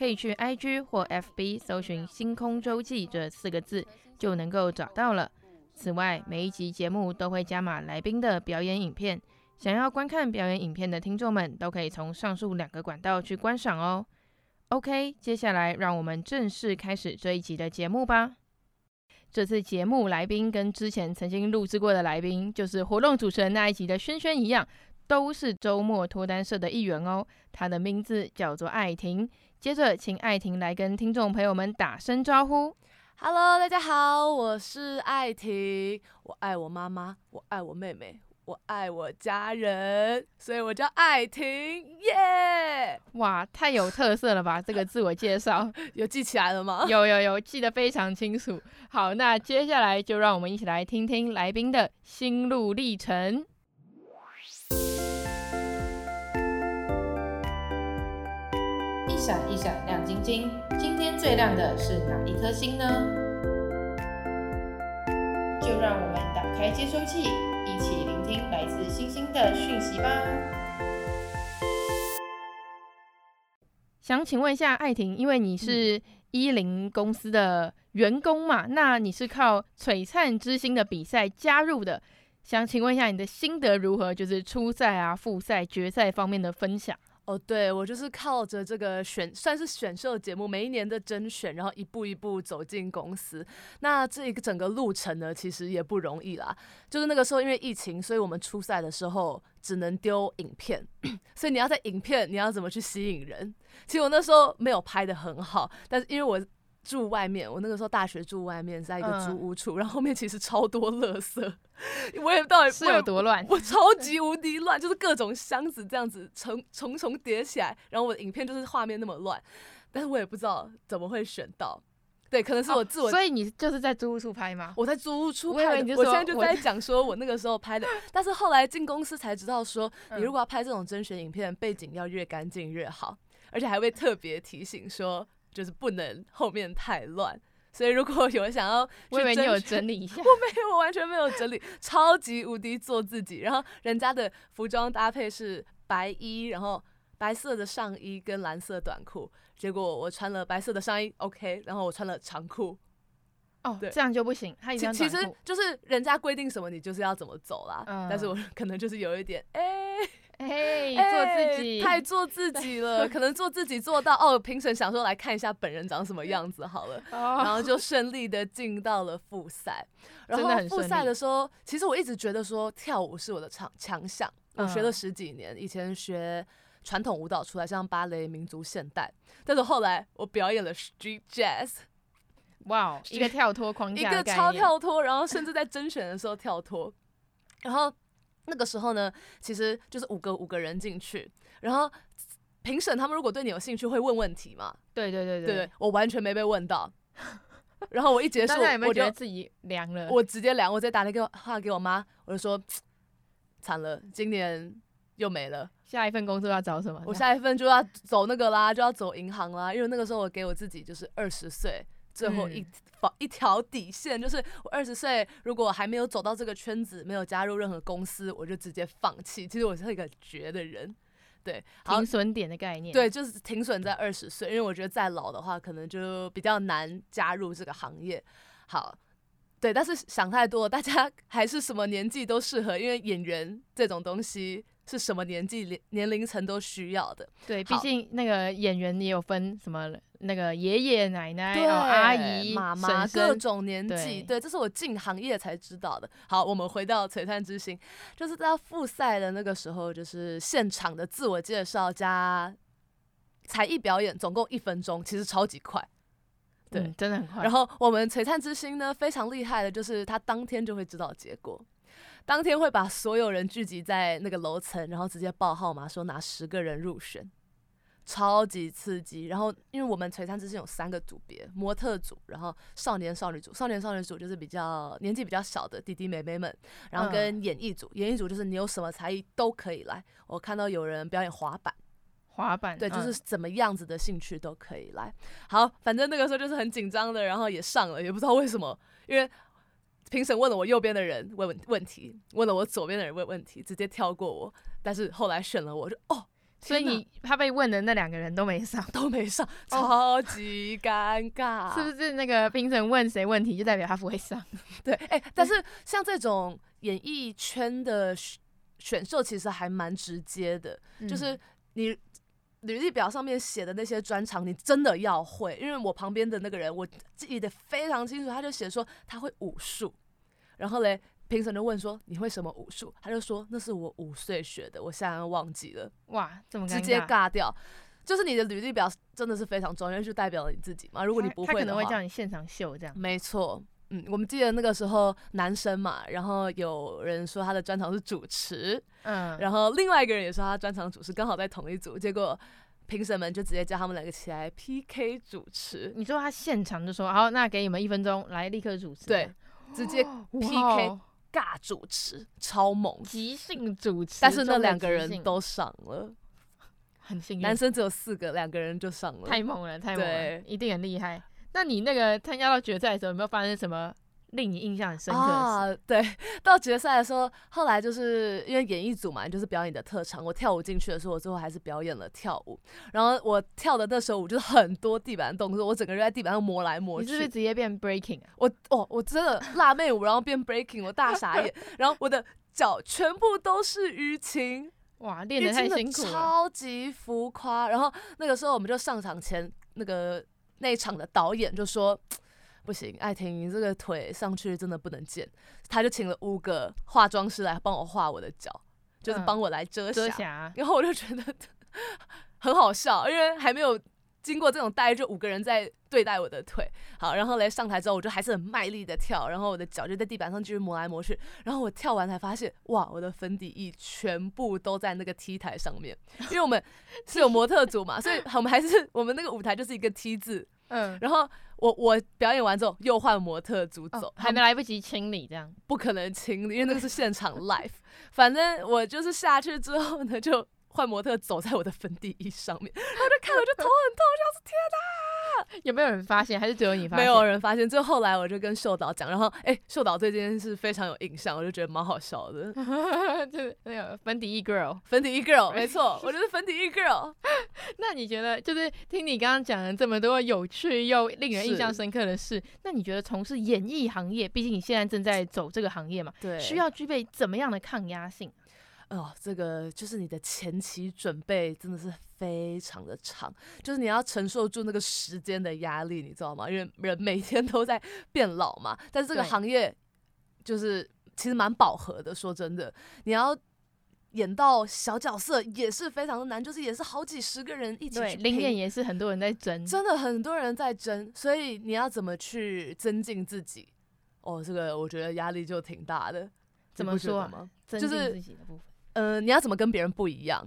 可以去 IG 或 FB 搜尋“星空週記”這四個字，就能夠找到了。此外，每一集節目都會加碼來賓的表演影片，想要觀看表演影片的聽眾們都可以從上述兩個管道去觀賞哦。OK，接下來讓我們正式開始這一集的節目吧。這次節目來賓跟之前曾經錄制過的來賓，就是活動主持人那一集的軒軒一樣，都是周末脫單社的一員哦。他的名字叫做艾庭。接着，請艾庭來跟聽眾朋友們打聲招呼。Hello，大家好，我是艾庭。我愛我媽媽，我愛我妹妹，我愛我家人，所以我叫艾庭。耶、yeah!！哇，太有特色了吧！ 這個自我介紹 有記起來了嗎？ 有有有，記得非常清楚。好，那接下來就讓我們一起來聽聽來賓的心路歷程。閃一閃亮晶晶，今天最亮的是哪一顆星呢？就讓我們打開接收器，一起聆聽來自星星的訊息吧。想請問一下艾婷，因為你是伊林公司的員工嘛，嗯、那你是靠璀璨之星的比賽加入的，想請問一下你的心得如何？就是初賽啊、複賽、決賽方面的分享。哦、oh，對我就是靠着這個選，算是選秀節目，每一年的甄選，然後一步一步走進公司。那這一個整個路程呢，其實也不容易啦。就是那個時候因為疫情，所以我們初賽的時候只能丟影片， 所以你要在影片，你要怎麼去吸引人？其實我那時候沒有拍得很好，但是因為我。住外面，我那個時候大學住外面，在一個租屋處，嗯、然後後面其實超多垃圾，我也不知道是有多亂我，我超級無敵亂，就是各種箱子這樣子重重重疊起來，然後我的影片就是畫面那麼亂，但是我也不知道怎麼會選到，對，可能是我自我，哦、所以你就是在租屋處拍嗎？我在租屋處拍，我現在就在講說我那個時候拍的， 但是後來進公司才知道說，你如果要拍這種甄選影片，背景要越乾淨越好，而且還會特別提醒說。就是不能後面太亂，所以如果有人想要，我以為你有整理一下， 我沒有，我完全沒有整理， 超級無敵做自己。然後人家的服裝搭配是白衣，然後白色的上衣跟藍色短褲，結果我穿了白色的上衣，OK，然後我穿了長褲，哦對，這樣就不行。他其實其實就是人家規定什麼，你就是要怎麼走啦、嗯，但是我可能就是有一點，哎、欸。哎、欸，做自己、欸、太做自己了，可能做自己做到哦。評審想說來看一下本人長什麼樣子，好了，然後就順利的進到了複賽。然後複賽的時候真的很順利，其實我一直覺得說跳舞是我的強強項，我學了十幾年，嗯、以前學傳統舞蹈出來，像芭蕾、民族、現代，但是後來我表演了 street jazz，哇，一個跳脫框架，一個超跳脫，然後甚至在甄選的時候跳脫， 然後。那個時候呢，其實就是五個五個人進去，然後評審他們如果對你有興趣會問問題嘛。對對對對，對，對，我完全沒被問到。 然後我一結束，我 就有沒有覺得自己涼了我？我直接涼，我直接打電話給我媽，我就說慘了，今年又沒了。下一份工作要找什麼？我下一份就要走那個啦，就要走銀行啦，因為那個時候我給我自己就是二十歲。最後一、嗯、一條底線就是，我二十歲如果還沒有走到這個圈子，沒有加入任何公司，我就直接放棄。其實我是一個絕的人，對，停損點的概念，對，就是停損在二十歲，因為我覺得再老的話可能就比較難加入這個行業。好，對，但是想太多，大家還是什麼年紀都適合，因為演員這種東西。是什麼年紀、年齡層都需要的？對，畢竟那個演員也有分什麼那個爺爺奶奶，對、哦、阿姨、媽媽各種年紀。對，這是我進行業才知道的。好，我們回到璀璨之星，就是在複賽的那個時候，就是現場的自我介紹加才藝表演，總共一分鐘，其實超級快。對、嗯，真的很快。然後我們璀璨之星呢，非常厲害的就是他當天就會知道結果。當天會把所有人聚集在那個樓層，然後直接報號碼，說拿十個人入選，超級刺激。然後因為我們璀璨之星有三個組別：模特組，然後少年少女組，少年少女組就是比較年紀比較小的弟弟妹妹們，然後跟演藝組，嗯、演藝組就是你有什麼才藝都可以來。我看到有人表演滑板，滑板，對、嗯，就是怎麼樣子的興趣都可以來。好，反正那個時候就是很緊張的，然後也上了，也不知道為什麼，因為。評審問了我右邊的人問問題，問了我左邊的人問問題，直接跳過我，但是後來選了我，說哦，所以你他被問的那兩個人都沒上，都沒上，超級尷尬、哦，是不是？那個評審問誰問題，就代表他不會上，對。哎、欸，但是像這種演藝圈的選秀，其實還蠻直接的，就是你履歷表上面寫的那些專長，你真的要會。因為我旁邊的那個人，我記得非常清楚，他就寫說他會武術。然後嘞，評審就問說：“你會什麼武術？”他就說：“那是我五歲學的，我現在忘記了。”哇，這麼尬，直接尬掉！就是你的履歷表真的是非常重要，因為就代表了你自己嘛。如果你不會的話他，他可能會叫你現場秀這樣。沒錯，嗯，我們記得那個時候男生嘛，然後有人說他的專長是主持，嗯，然後另外一個人也說他專長主持，剛好在同一組，結果評審們就直接叫他們兩個起來 PK 主持。你說他現場就說：“好，那給你們一分鐘來立刻主持。”對。直接 PK 尬主持，哦，超猛！即興主持，但是那兩個人都上了，很幸運。男生只有四個，兩個人就上了，太猛了，太猛了，一定很厲害。那你那個參加到決賽的時候，有沒有發生什麼？令你印象很深刻啊！對，到決賽的時候，後來就是因為演藝組嘛，就是表演的特長。我跳舞進去的時候，我最後還是表演了跳舞。然後我跳的那首舞就是很多地板動作，我整個人在地板上磨來磨去。你是不是直接變 breaking？、啊、我哦，我真的辣妹舞，然後變 breaking，我大傻眼。 然後我的腳全部都是淤青，哇，練得很辛苦，真的超級浮誇。然後那個時候我們就上場前，那個那一場的導演就說。不行，艾庭，你這個腿上去真的不能見。他就請了五個化妝師來幫我畫我的腳，就是幫我來遮瑕，嗯、遮瑕。然後我就覺得很好笑，因為還沒有經過這種待遇，就五個人在對待我的腿。好，然後來上台之後，我就還是很賣力的跳，然後我的腳就在地板上繼續磨來磨去。然後我跳完才發現，哇，我的粉底液全部都在那個 T 台上面，因為我們是有模特組嘛， 所以我們還是 我們那個舞台就是一個 T 字。嗯，然後我我表演完之後又換模特組走，還沒來不及清理，這樣不可能清理，嗯、因為那個是現場 live 反正我就是下去之後呢就。換模特走在我的粉底液上面，我就看了，我就頭很痛，我就子，天哪、啊！有沒有人發現？還是只有你發現？沒有人發現。最後來我就跟秀導講，然後哎、欸，秀導對這件事非常有印象，我就覺得蠻好笑的， 就是那個粉底液 girl，粉底液 girl，沒錯， 我就是粉底液 girl。 那你覺得，就是聽你剛剛講了這麼多有趣又令人印象深刻的事，那你覺得從事演藝行業，畢竟你現在正在走這個行業嘛，對，需要具備怎麼樣的抗壓性？哦，這個就是你的前期準備真的是非常的長，就是你要承受住那個時間的壓力，你知道嗎？因為人每天都在變老嘛。但是這個行業就是其實蠻飽和的，說真的，你要演到小角色也是非常的難，就是也是好幾十個人一起去。對，臨演也是很多人在爭，真的很多人在爭，所以你要怎麼去增進自己？哦，這個我覺得壓力就挺大的。怎麼說？就是，增進自己的部分。呃，你要怎麼跟別人不一樣？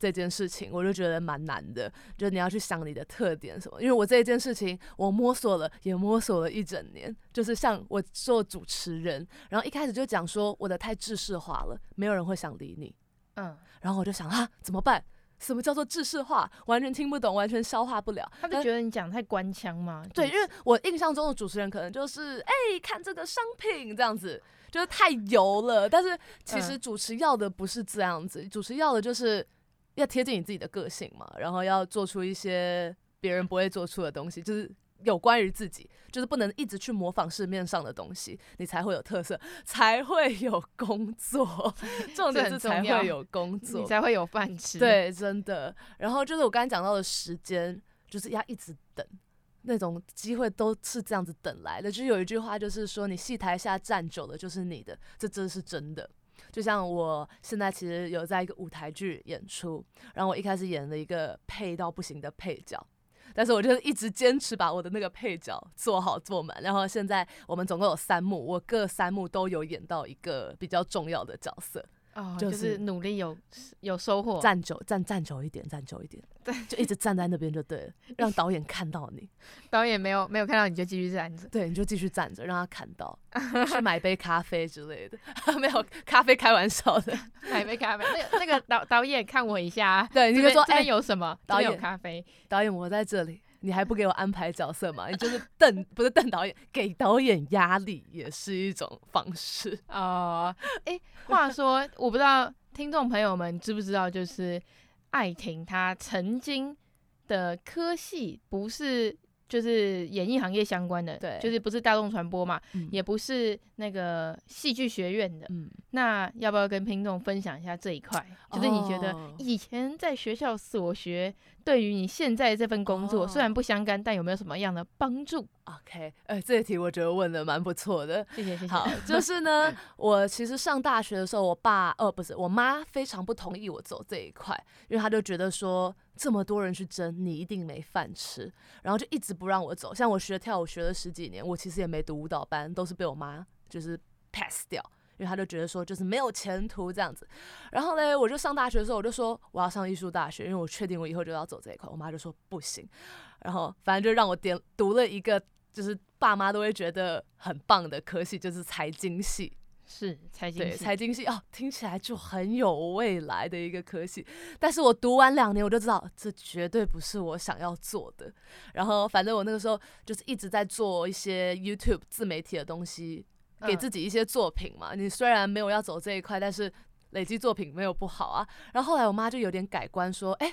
這件事情我就覺得蠻難的，就是你要去想你的特點什麼。因為我這一件事情，我摸索了也摸索了一整年，就是像我做主持人，然後一開始就講說我的太制式化了，沒有人會想理你。嗯，然後我就想啊，怎麼辦？什麼叫做制式化？完全聽不懂，完全消化不了。他就覺得你講太官腔嗎？對，因為我印象中的主持人可能就是哎、欸，看這個商品這樣子。就是太油了，但是其實主持要的不是這樣子，嗯、主持要的就是要貼近你自己的個性嘛，然後要做出一些別人不會做出的東西，嗯、就是有關於自己，就是不能一直去模仿市面上的東西，你才會有特色，才會有工作， 這很重要，重點 是才會有工作，你才會有飯吃，對，真的。然後就是我剛剛講到的時間，就是要一直等。那種機會都是這樣子等來的，就是有一句話，就是說你戲台下站久了就是你的，這真是真的。就像我現在其實有在一個舞台劇演出，然後我一開始演了一個配到不行的配角，但是我就一直堅持把我的那個配角做好做滿，然後現在我們總共有三幕，我各三幕都有演到一個比較重要的角色，Oh, 就是，就是努力有有收穫，站久站站久一點，站久一點。對，就一直站在那邊就對了，讓導演看到你。 導演沒有沒有看到你就繼續站着。對，你就繼續站着，讓他看到。 去買杯咖啡之類的， 沒有咖啡開玩笑的。買杯咖啡，那那個導導演看我一下， 對你就說今天有什麼、欸、導演？咖啡，導演我在這裡，你還不給我安排角色嗎？ 你就是瞪，不是瞪導演，給導演壓力也是一種方式啊。哎、呃欸，話說我不知道聽眾朋友們知不知道，就是。艾庭，她曾經的科系不是就是演藝行業相關的，對，就是不是大眾傳播嘛，嗯，也不是那個戲劇學院的。嗯，那要不要跟聽眾分享一下這一塊，嗯？就是你覺得以前在學校所學，哦，對於你現在這份工作雖然不相干，哦，但有沒有什麼樣的幫助？OK，呃、欸，這一題我覺得問的蠻不錯的。謝謝，謝謝。好，就是呢， 我其實上大學的時候我、哦，我爸呃，不是我媽非常不同意我走這一塊，因為她就覺得說這麼多人去爭，你一定沒飯吃，然後就一直不讓我走。像我學跳舞學了十幾年，我其實也沒讀舞蹈班，都是被我媽就是 pass 掉。因為他就覺得說就是沒有前途這樣子，然後呢，我就上大學的時候，我就說我要上藝術大學，因為我確定我以後就要走這一塊。我媽就說不行，然後反正就讓我點讀了一個就是爸媽都會覺得很棒的科系，就是財經系，是財經，對，財經系哦，聽起來就很有未來的一個科系。但是我讀完兩年我就知道這絕對不是我想要做的，然後反正我那個時候就是一直在做一些 YouTube 自媒體的東西。給自己一些作品嘛，你雖然沒有要走這一塊，但是累積作品沒有不好啊。然後後來我媽就有點改觀，說：“欸，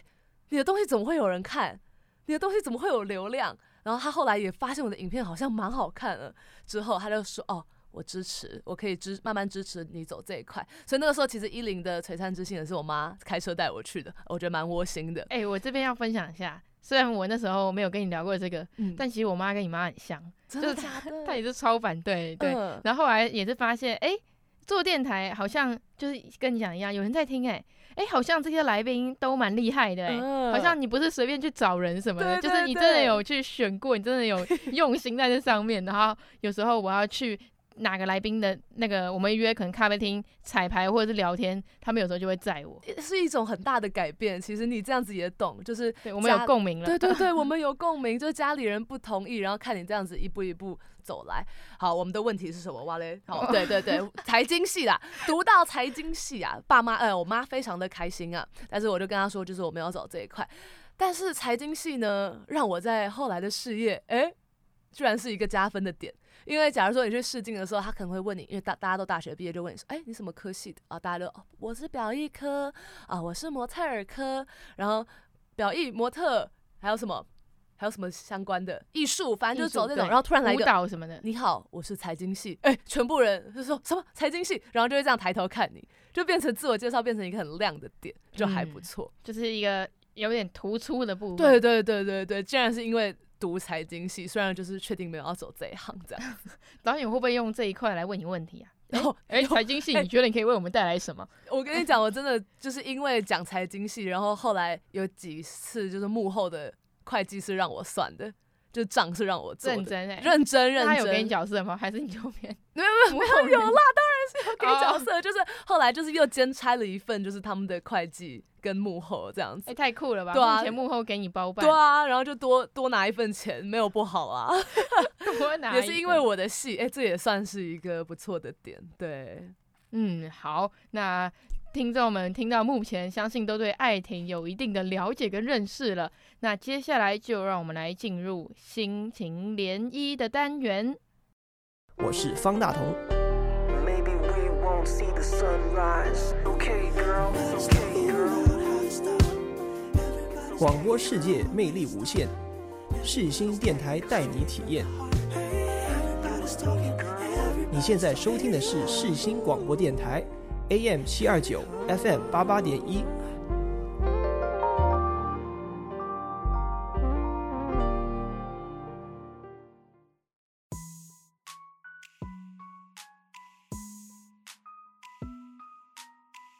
你的東西怎麼會有人看？你的東西怎麼會有流量？”然後她後來也發現我的影片好像蠻好看的，之後她就說：“哦，我支持，我可以支慢慢支持你走這一塊。”所以那個時候其實伊林的璀璨之星也是我媽開車帶我去的，我覺得蠻窩心的。欸，我這邊要分享一下。雖然我那時候沒有跟你聊過這個，嗯、但其實我媽跟你媽很像。真的假的？就他、他，她也是超反對、嗯，對。然後後來也是發現，哎、欸，做電台好像就是跟你講一樣，有人在聽、欸，哎，哎，好像這些來賓都蠻厲害的、欸，哎、嗯，好像你不是隨便去找人什麼的，對對對，就是你真的有去選過，你真的有用心在這上面。 然後有時候我要去。哪個來賓的那個，我們約可能咖啡廳彩排或者是聊天，他們有時候就會載我，是一種很大的改變。其實你這樣子也懂，就是對我們有共鳴了。對對對，我們有共鳴， 就是家裡人不同意，然後看你這樣子一步一步走來。好，我們的問題是什麼哇嘞？好，對對對，財 金系啦，讀到財金系啊，爸媽哎、欸、我媽非常的開心啊，但是我就跟他說，就是我們要走這一塊，但是財金系呢，讓我在後來的事業，哎、欸，居然是一個加分的點。因為假如說你去試鏡的時候，他可能會問你，因為大大家都大學畢業就問你說，哎、欸，你什麼科系的啊？大家都，我是表藝科啊，我是模特兒科，然後表藝模特還有什麼，還有什麼相關的藝術，反正就走那種，然後突然來個舞蹈什麼的。你好，我是財經系。哎、欸，全部人就說什麼財經系，然後就會這樣抬頭看你就變成自我介紹，變成一個很亮的點，就還不錯、嗯，就是一個有點突出的部分。對對對對對，竟然是因為。讀財經系，雖然就是確定沒有要走這一行，這樣 導演會不會用這一塊來問你問題啊？然後、哦，誒、欸，財經系，你覺得你可以為我們帶來什麼？欸、我跟你講，我真的就是因為講財經系， 然後後來有幾次就是幕後的會計是讓我算的。就賬是讓我做的，認真、欸、認真認真，他有給你角色嗎？還是你後面 沒有沒有沒有有啦，當然是有給你角色，oh. 就是後來就是又兼差了一份，就是他們的會計跟幕後這樣子，哎、欸，太酷了吧！對、啊、前幕後給你包辦，對啊，然後就多多拿一份錢，沒有不好啊，哈 哈一， 也是因為我的戲，哎、欸，這也算是一個不錯的點，對，嗯，好，那。聽眾們聽到目前，相信都對愛情有一定的了解跟認識了。那接下來就讓我們來進入心情漣漪的單元。我是方大同。Maybe we won't see the sunrise. okay, girl, okay, girl 廣播世界魅力無限，世新電臺帶你體驗。你現在收聽的是世新廣播電臺。AM 七二九，FM 八八點一。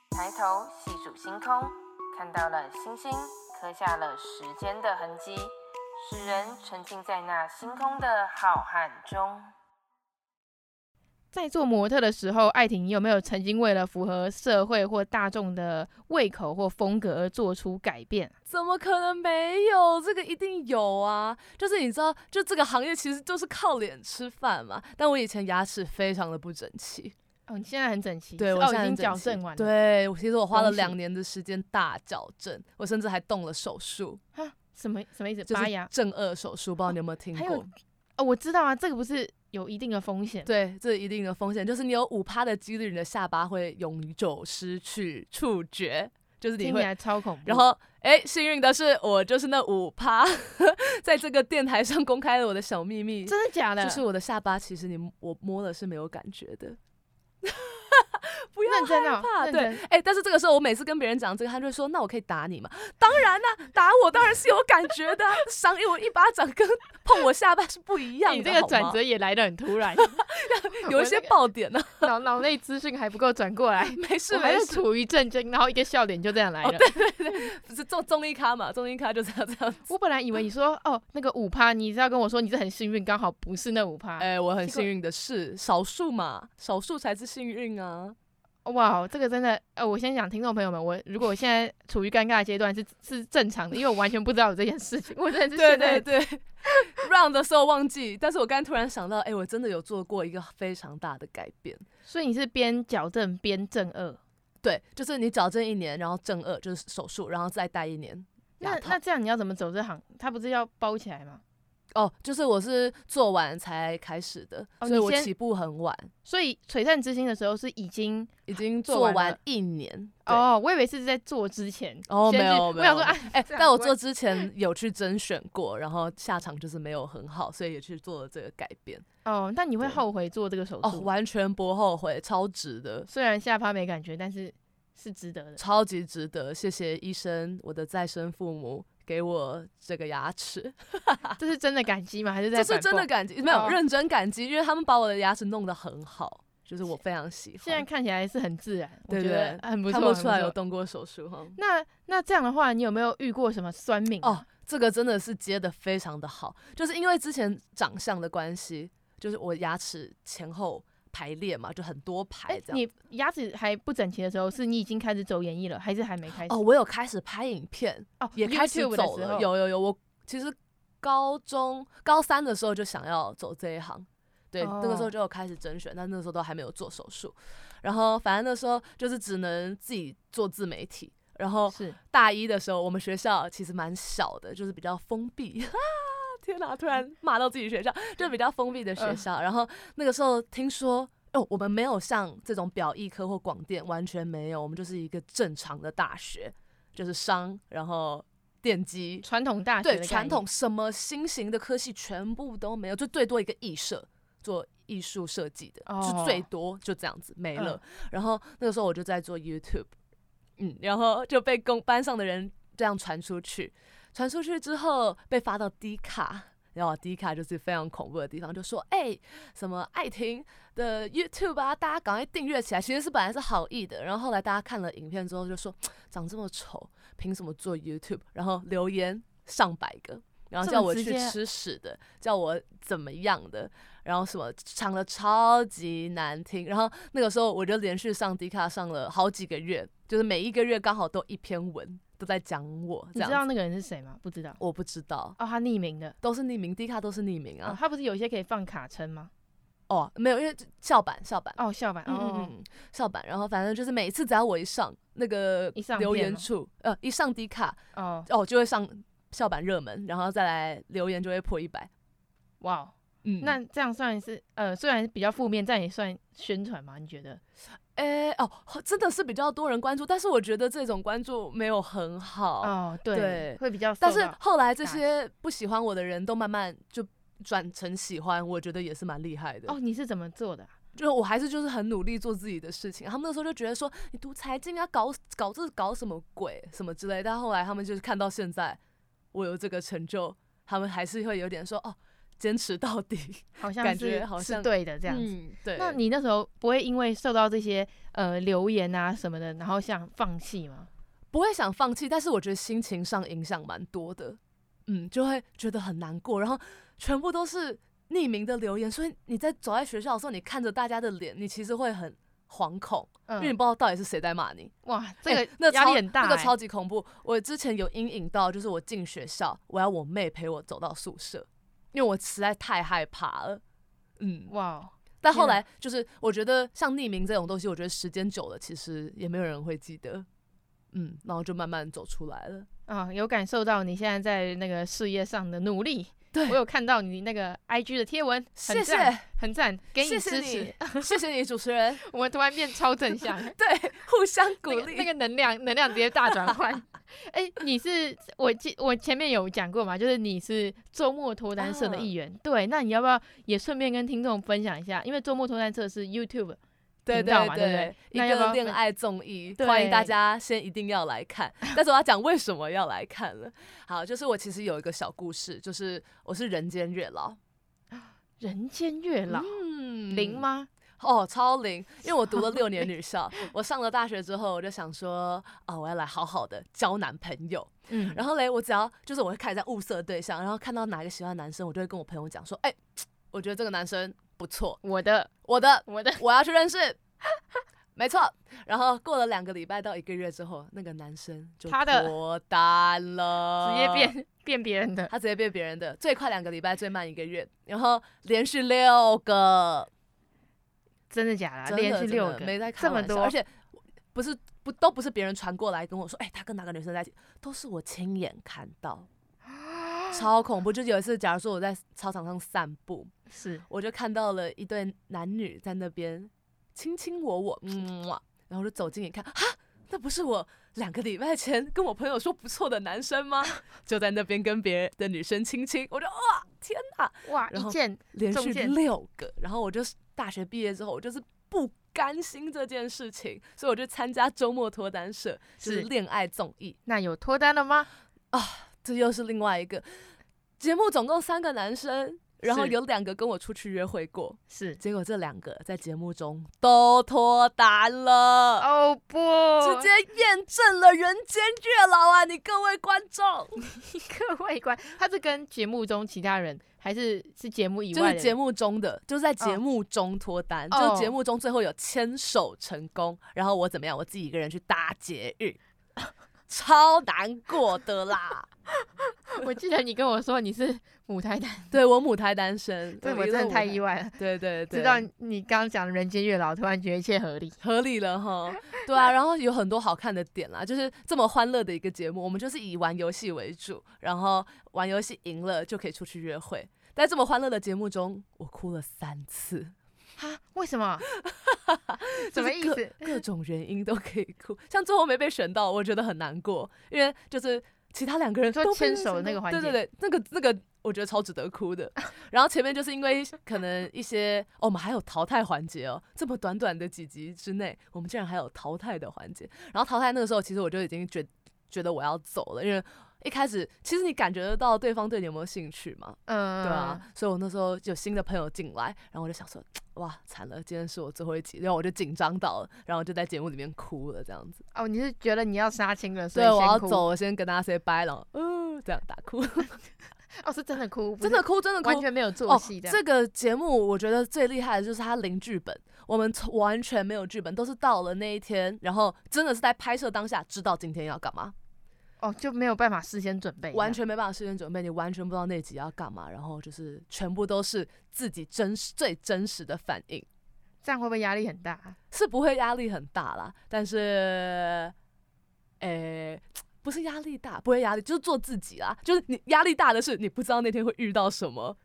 抬頭細數星空，看到了星星，刻下了時間的痕跡，使人沉浸在那星空的浩瀚中。在做模特的時候，艾庭，你有沒有曾經為了符合社會或大眾的胃口或風格而做出改變？怎麼可能沒有？這個一定有啊！就是你知道，就這個行業其實就是靠臉吃飯嘛。但我以前牙齒非常的不整齊。哦，你現在很整齊。對，我已經矯正完。對、哦，我其實我，我花了兩年的時間大矯正，我甚至還動了手術。哈，什麼什麼意思？拔牙正顎手術，不知道你有沒有聽過？哦，哦我知道啊，這個不是。有一定的風險，對，這一定的風險，就是你有五趴的幾率，你的下巴會永久失去觸覺，就是聽起來超恐怖。然後，哎，幸運的是，我就是那五趴， 在這個電台上公開了我的小秘密，真的假的？就是我的下巴，其實你我摸了是沒有感覺的。 不要害怕，哦、對、欸，但是這個時候我每次跟別人講這個，他就說：“那我可以打你嗎？”當然啦、啊，打我當然是有感覺的、啊，傷。因為我一巴掌跟碰我下巴是不一樣的。你、欸、這個轉折也來得很突然， 有一些爆點呢、啊，腦腦內資訊還不夠轉過來，沒 事沒事，還是處於震驚，然後一個笑點就這樣來了。哦、對對對，不是做綜藝咖嘛？綜藝咖就是要這樣。我本來以為你說哦，那個五趴，你是要跟我說你是很幸運，剛好不是那五趴。哎、呃，我很幸運的是少數嘛，少數才是幸運啊。哇、wow,，這個真的，呃，我先講聽眾朋友們，我如果我現在處於尷尬的階段是是正常的，因為我完全不知道有這件事情。 我真的是對,對對。round 的時候忘記，但是我剛突然想到，哎、欸，我真的有做過一個非常大的改變。所以你是邊矯正邊正顎？對，就是你矯正一年，然後正顎就是手術，然後再戴一年。那那這樣你要怎麼走這行？他不是要包起來嗎？哦、oh,，就是我是做完才開始的，oh, 所以我起步很晚。所以《璀璨之星》的時候是已經已經做完,做完一年。哦、oh,，我以為是在做之前。哦、oh,，沒有，沒有。我想說，哎，但我做之前有去甄選過， 然後下場就是沒有很好，所以也去做了這個改變。哦、oh,，那你會後悔做這個手術？Oh, 完全不後悔，超值得。雖然下巴沒感覺，但是是值得的，超級值得。謝謝醫生，我的再生父母。給我這個牙齒，這是真的感激嗎？還是在這是真的感激？沒有、哦、認真感激，因為他們把我的牙齒弄得很好，就是我非常喜歡。現在看起來是很自然，覺對覺對，對、啊？很不錯，看不出來有動過手術哈。那那這樣的話，你有沒有遇過什麼酸民、啊？哦，這個真的是接得非常的好，就是因為之前長相的關係，就是我牙齒前後。排列嘛，就很多排這樣子、欸、你牙齒還不整齊的時候，是你已經開始走演藝了，還是還沒開始？哦，我有開始拍影片哦，也開始走了。有有有，我其實高中高三的時候就想要走這一行，對，哦、那個時候就有開始甄選，但那個時候都還沒有做手術。然後反正那時候就是只能自己做自媒體。然後是大一的時候，我們學校其實蠻小的，就是比較封閉。 天哪、啊！突然罵到自己學校，嗯、就比較封閉的學校、嗯。然後那個時候聽說，哦，我們沒有像這種表藝科或廣電，完全沒有，我們就是一個正常的大學，就是商，然後電機傳統大學對，傳統什麼新型的科系全部都沒有，就最多一個藝設做藝術設計的、哦，就最多就這樣子沒了、嗯。然後那個時候我就在做 YouTube，嗯，然後就被公班上的人這樣傳出去。傳出去之後被發到 D 卡，然後 D 卡就是非常恐怖的地方，就說哎、欸，什麼艾庭的 YouTube 啊，大家趕快訂閱起來，其實是本來是好意的。然後後來大家看了影片之後就說，長這麼醜，憑什麼做 YouTube？然後留言上百個，然後叫我去吃屎的，叫我怎麼樣的，然後什麼唱得超級難聽。然後那個時候我就連續上 D 卡上了好幾個月，就是每一個月剛好都一篇文。都在講我，你知道那個人是誰嗎？不知道，我不知道。哦，他匿名的，都是匿名，迪卡都是匿名啊。哦、他不是有一些可以放卡稱嗎？哦，沒有，因為校板、校板哦，校板，哦、嗯嗯嗯，校板然後反正就是每次只要我一上那個留言處呃一上迪、呃、卡哦，哦就會上校板熱門，然後再來留言就會破一百。哇、wow，嗯，那這樣算是呃雖然比較負面，但也算宣傳嘛？你覺得？誒、欸，哦，真的是比較多人關注，但是我覺得這種關注沒有很好。哦，對，對會比較。但是後來這些不喜歡我的人都慢慢就轉成喜歡、啊，我覺得也是蠻厲害的。哦，你是怎麼做的？就是我還是就是很努力做自己的事情。他們那時候就覺得說，你讀財經啊，搞搞這搞什麼鬼，什麼之類。但後來他們就是看到現在我有這個成就，他們還是會有點說哦。堅持到底，好像是， 感覺好像是對的這樣子，嗯。對，那你那時候不會因為受到這些呃留言啊什麼的，然後想放棄嗎？不會想放棄，但是我覺得心情上影響蠻多的。嗯，就會覺得很難過，然後全部都是匿名的留言，所以你在走在學校的時候，你看着大家的臉，你其實會很惶恐，嗯，因為你不知道到底是誰在罵你。哇，這個、欸，那壓力很大，欸，這、那個超級恐怖。我之前有陰影到，就是我進學校，我要我妹陪我走到宿舍。因為我實在太害怕了，嗯，哇、wow！但後來就是，我覺得像匿名這種東西，我覺得時間久了，其實也沒有人會記得，嗯，然後就慢慢走出來了。啊，有感受到你現在在那個事業上的努力。我有看到你那個 I G 的貼文，很讚、很讚，給你支持，謝謝你，謝謝你主持人， 我們突然變超正向， 對，互相鼓勵、那個，那個能量，能量直接大轉換。哎、 欸，你是我記，我前面有講過嘛，就是你是周末脫單社的一員，oh. 對，那你要不要也順便跟聽眾分享一下？因為周末脫單社是 YouTube。對對對，對對一個戀愛綜藝，歡迎大家先一定要來看。但是我要講為什麼要來看了。好，就是我其實有一個小故事，就是我是人間月老。人間月老，靈、嗯、嗎？哦，超靈！因為我讀了六年女校，我上了大學之後，我就想說，啊，我要來好好的交男朋友。嗯，然後嘞，我只要就是我會開始在物色對象，然後看到哪一個喜歡的男生，我就會跟我朋友講說，哎、欸，我覺得這個男生。不錯，我的，我的，我的，我要去認識。 沒錯，然後過了兩個禮拜到一個月之後，那個男生就脫單了，直接變變別人的、嗯，他直接變別人的，最快兩個禮拜，最慢一個月，然後連續六個，真的假的？真的，連續六個，沒在開玩笑，這麼多，而且不是不都不是別人傳過來跟我說，哎、欸，他跟哪個女生在一起，都是我親眼看到。超恐怖、啊！就有一次，假如說我在操場上散步，是，我就看到了一對男女在那邊親親我我，嗯哇，然後我就走近一看，哈、啊，那不是我兩個禮拜前跟我朋友說不錯的男生嗎？就在那邊跟別的女生親親，我就哇，天哪、啊，哇，一見連續六個，然後我就大學畢業之後，我就是不甘心這件事情，所以我就參加周末脫單社，就是戀愛綜藝，那有脫單了嗎？啊。這又是另外一個節目，總共三個男生，然後有兩個跟我出去約會過，是結果這兩個在節目中都脫單了，哦、oh, 不，直接驗證了人間月老啊！你各位觀眾，各位觀，他是跟節目中其他人，還是是節目以外？就是節目中的，就是、在節目中脫單，oh. 就節目中最後有牽手成功，oh. 然後我怎麼樣？我自己一個人去搭節日。超難過的啦！ 我記得你跟我說你是母胎單 對，對我母胎單身， 對我真的太意外了。 對對，對，知道你剛剛講的人間月老，突然覺得一切合理 合理了吼。對啊，然後有很多好看的點啦，就是這麼歡樂的一個節目， 我們就是以玩遊戲為主，然後玩遊戲贏了就可以出去約會。在這麼歡樂的節目中，我哭了三次。啊？為什麼？ 什麼意思？各種原因都可以哭。像最後沒被選到，我覺得很難過，因為就是其他兩個人都牽手的那個環節，對對對，那個那個我覺得超值得哭的。然後前面就是因為可能一些， 哦，我們還有淘汰環節哦，這麼短短的幾集之內，我們竟然還有淘汰的環節。然後淘汰那個時候，其實我就已經覺覺得我要走了，因為。一開始其實你感覺得到對方對你有沒有興趣嘛？嗯，對啊。所以，我那時候有新的朋友進來，然後我就想說，哇，慘了，今天是我最後一集，然後我就緊張到了，然後就在節目裡面哭了，這樣子。哦，你是覺得你要殺青了，所以先哭。對，我要走，我先跟大家 say bye 了，嗯、呃，這樣大哭。 哦，是真的哭，真的哭，真的哭，完全沒有做戲。哦，這個節目我覺得最厲害的就是它零劇本，我們完全沒有劇本，都是到了那一天，然後真的是在拍攝當下知道今天要幹嘛。哦，就沒有辦法事先準備，完全沒辦法事先準備，你完全不知道那集要幹嘛，然後就是全部都是自己真實最真實的反應，這樣會不會壓力很大啊？是不會壓力很大啦，但是，欸，不是壓力大，不會壓力，就是做自己啦，就是你壓力大的是你不知道那天會遇到什麼。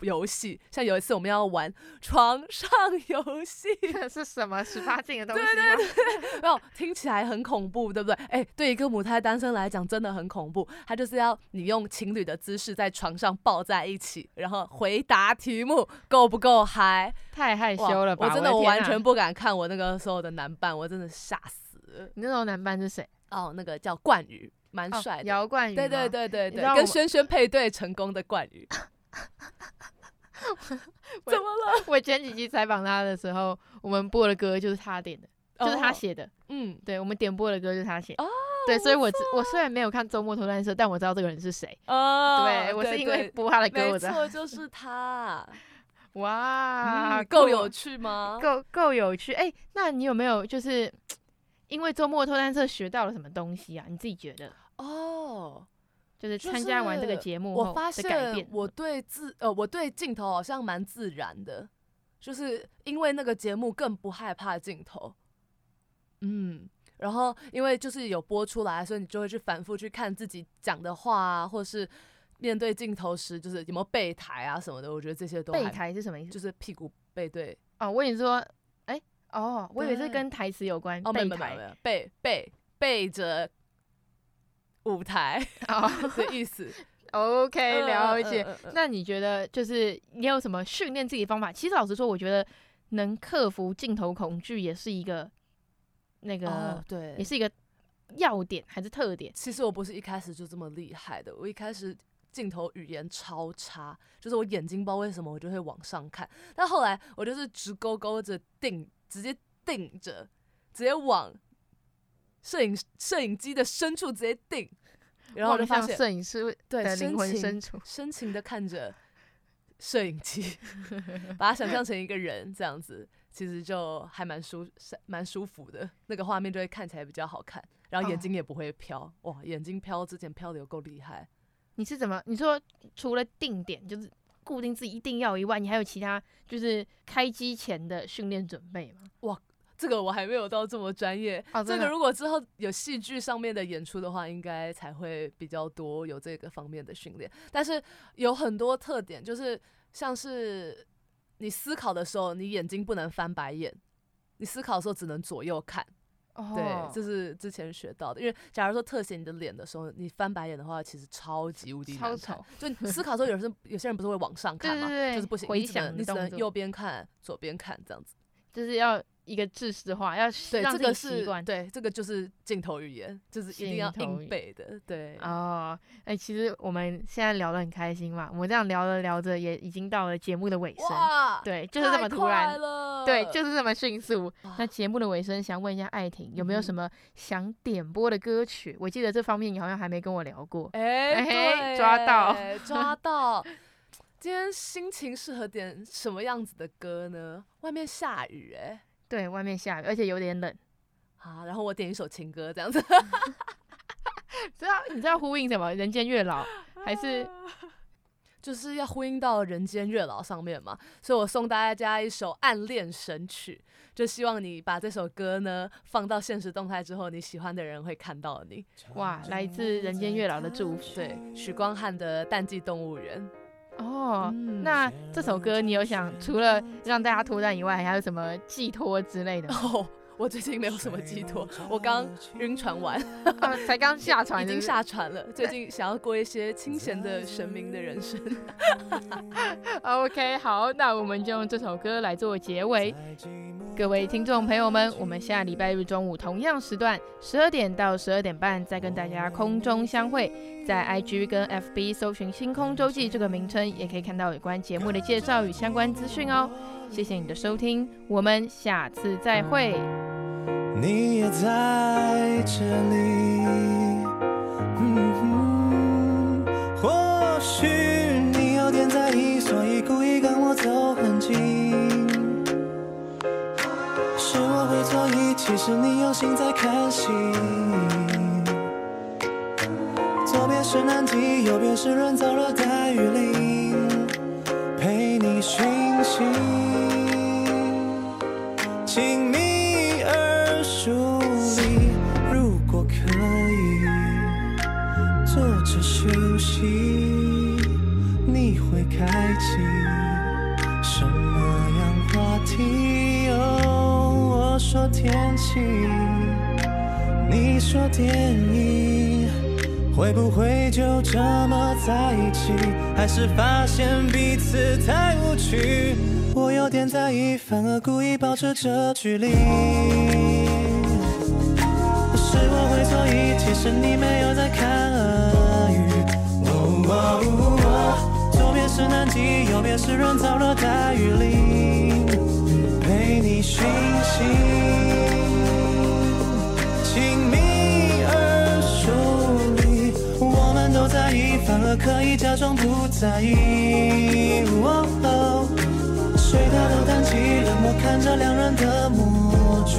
遊戲像有一次我們要玩床上遊戲，這是什麼十八禁的東西嗎？ 對對對，沒有，聽起來很恐怖，對不對？誒、欸，對一個母胎單身來講真的很恐怖。他就是要你用情侶的姿勢在床上抱在一起，然後回答題目，夠不夠嗨？太害羞了吧，吧。我真的，我的我完全不敢看我那個所有的男伴，我真的嚇死。你那時候男伴是誰？哦，那個叫冠宇，蠻帥的、哦，姚冠宇，對對對對對，跟軒軒配對成功的冠宇。 怎麼了？我，我前幾期採訪他的時候，我們播的歌就是他點的，就是他寫的。Oh. 嗯，對，我們點播的歌就是他寫。哦、oh,，對，所以我我，我雖然沒有看周末脫單社，但我知道這個人是誰。哦、oh,，對，我是因為播他的歌，對對，我在說就是他。 哇，夠、嗯、夠有趣嗎？夠夠有趣。哎、欸，那你有沒有就是因為周末脫單社學到了什麼東西啊？你自己覺得？哦、oh.。就是參加完這個節目，我發現我對自呃我對鏡頭好像蠻自然的，就是因為那個節目更不害怕鏡頭，嗯，然後因為就是有播出來，所以你就會去反覆去看自己講的話啊，或是面對鏡頭時，就是有沒有背台啊什麼的。我覺得這些都還背，背台是什麼意思？就是屁股背對啊。我跟你說，哎、欸、哦，我以為是跟台詞有關。背台。哦，沒有沒有沒有背背背着。舞台啊，的意思，OK，了解。Uh, uh, uh, uh, 那你覺得，就是你有什麼訓練自己的方法？其實老實說，我覺得能克服鏡頭恐懼也是一個那個，oh, 對，也是一個要點還是特點？其實我不是一開始就這麼厲害的，我一開始鏡頭語言超差，就是我眼睛不知道為什麼我就會往上看，但後來我就是直勾勾着定，直接定着，直接往。攝影攝影機的深處直接定，然後就發現攝影師對靈魂深處深情，深情的看着攝影機， 把它想象成一個人這樣子，其實就還蠻舒蠻舒服的。那個畫面就會看起來比較好看，然後眼睛也不會飄，哦。哇，眼睛飄之前飄得有夠厲害。你是怎麼？你說除了定點就是固定自己一定要以外，你還有其他就是開機前的訓練準備嗎？哇。這個我還沒有到這麼專業、啊。這個如果之後有戲劇上面的演出的話，應該才會比較多有這個方面的訓練。但是有很多特點，就是像是你思考的時候，你眼睛不能翻白眼，你思考的時候只能左右看、哦。對，這是之前學到的。因為假如說特寫你的臉的時候，你翻白眼的話，其實超級無敵超醜。就思考的時候，有時候有些人不是會往上看嘛， 對，對，對就是不行。你只能回想。你只能右邊看，左邊看這樣子。就是要。一個制式化，要讓這個習慣。對，這個就是鏡頭語言，這、就是一定要硬背的。對哦,哎、oh, 欸，其實我們現在聊得很開心嘛，我們這樣聊着聊着，也已經到了節目的尾聲。對，就是這麼突然，對，就是這麼迅速。那節目的尾聲，想問一下艾庭，有沒有什麼想點播的歌曲？嗯、我記得這方面你好像還沒跟我聊過。哎、欸欸，抓到，抓到。 今天心情適合點什麼樣子的歌呢？外面下雨、欸，哎。對，外面下雨，而且有點冷，啊，然後我點一首情歌這樣子。 知道你知道呼應什麼？人間月老還是 就是要呼應到人間月老上面嘛？所以，我送大家一首暗戀神曲，就希望你把這首歌呢放到現實動態之後，你喜歡的人會看到你。哇，來自人間月老的祝福，對，許光漢的《淡季動物園》。哦、oh, 嗯，那這首歌你有想除了讓大家脫單以外，還有什麼寄托之類的？哦、oh，我最近沒有什麼寄托，我剛暈船完，啊、才剛下船是不是，已經下船了。最近想要過一些清閒的、神明的人生。 OK，好，那我們就用這首歌來做結尾。各位聽眾朋友們，我們下禮拜日中午同樣時段，十二點到十二點半，再跟大家空中相會。在 IG 跟 FB 搜尋“星空週記”這個名稱，也可以看到有關節目的介紹與相關資訊哦。謝謝你的收聽，我們下次再會。嗯，你也在這裡，嗯嗯嗯，或許你有點在意，所以故意跟我走很近。是我會錯意，其實你用心在看戲。左邊是南極，右邊是人造熱帶雨林，陪你巡行，親密而疏離。如果可以坐着休息，你會開啟什麼樣話題？Oh, 我說天氣，你說電影。會不會就這麼在一起？還是發現彼此太無趣？我有點在意，反而故意保持着距離。是我會錯意，其實你沒有在看鱷魚。哦，哦，哦，哦，哦，哦，左邊是南極，右邊是人造熱帶雨林，陪你尋釁可以假裝不在意。誰抬頭嘆氣，冷漠看着兩人的默劇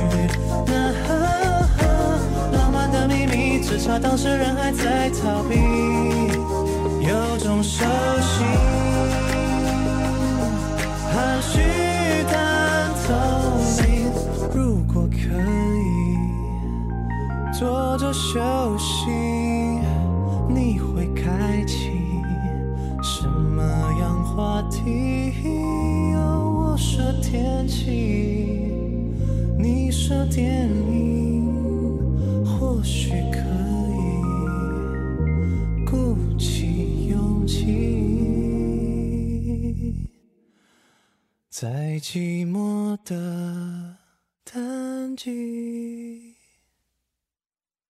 那啊啊啊。浪漫的秘密，只差當事人還在逃避，有種熟悉，含蓄但透明。如果可以坐着休息。這電影或許可以鼓起勇氣，在寂寞的淡季。